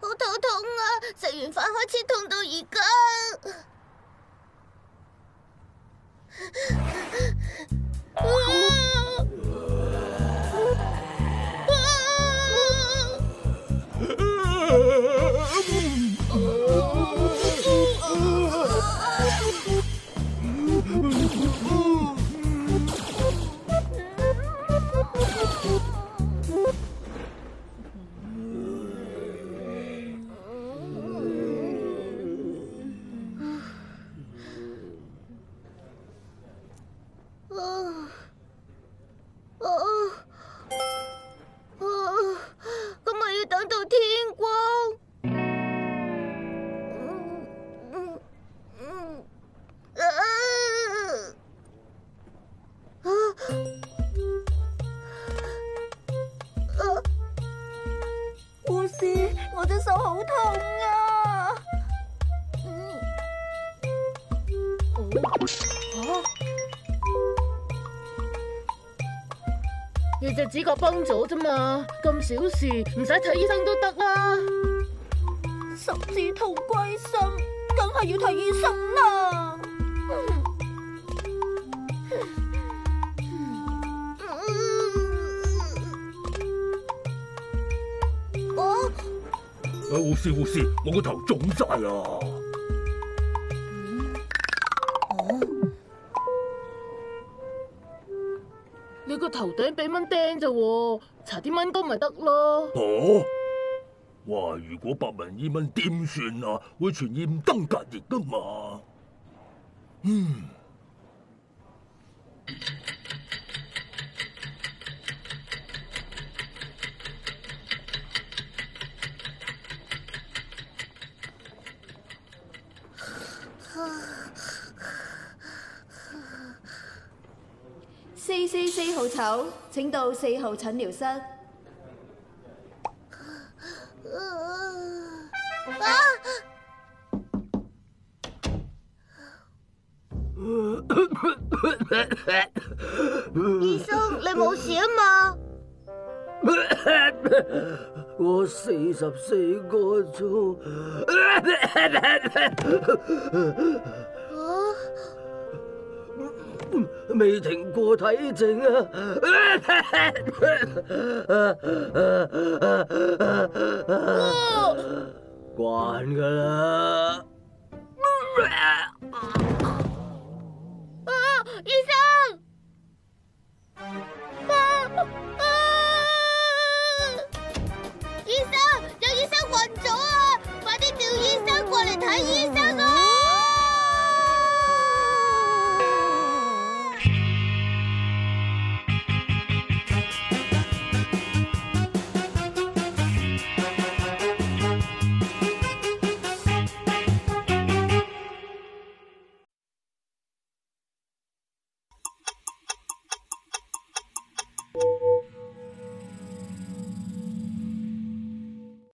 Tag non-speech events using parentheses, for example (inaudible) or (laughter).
好肚痛啊！食完飯開始痛到而家。 (laughs) 我隻手好痛啊！嗯、啊，哦，你隻指甲崩咗啫嘛，咁小事唔使睇醫生都得啦。十指痛歸心，梗係要睇醫生啦。護士，護士，我個頭腫晒啊！你個頭頂俾蚊叮咋？搽啲蚊膏咪得咯。哦，哇！如果白紋伊蚊點算啊？會傳染登革熱噶嘛？嗯。四四四號丑，請到四號診療室。醫 (laughs) (laughs) 生，你冇事啊嘛？ (coughs) 我四十四個鐘。 (coughs) 未停過睇症啊，慣㗎喇。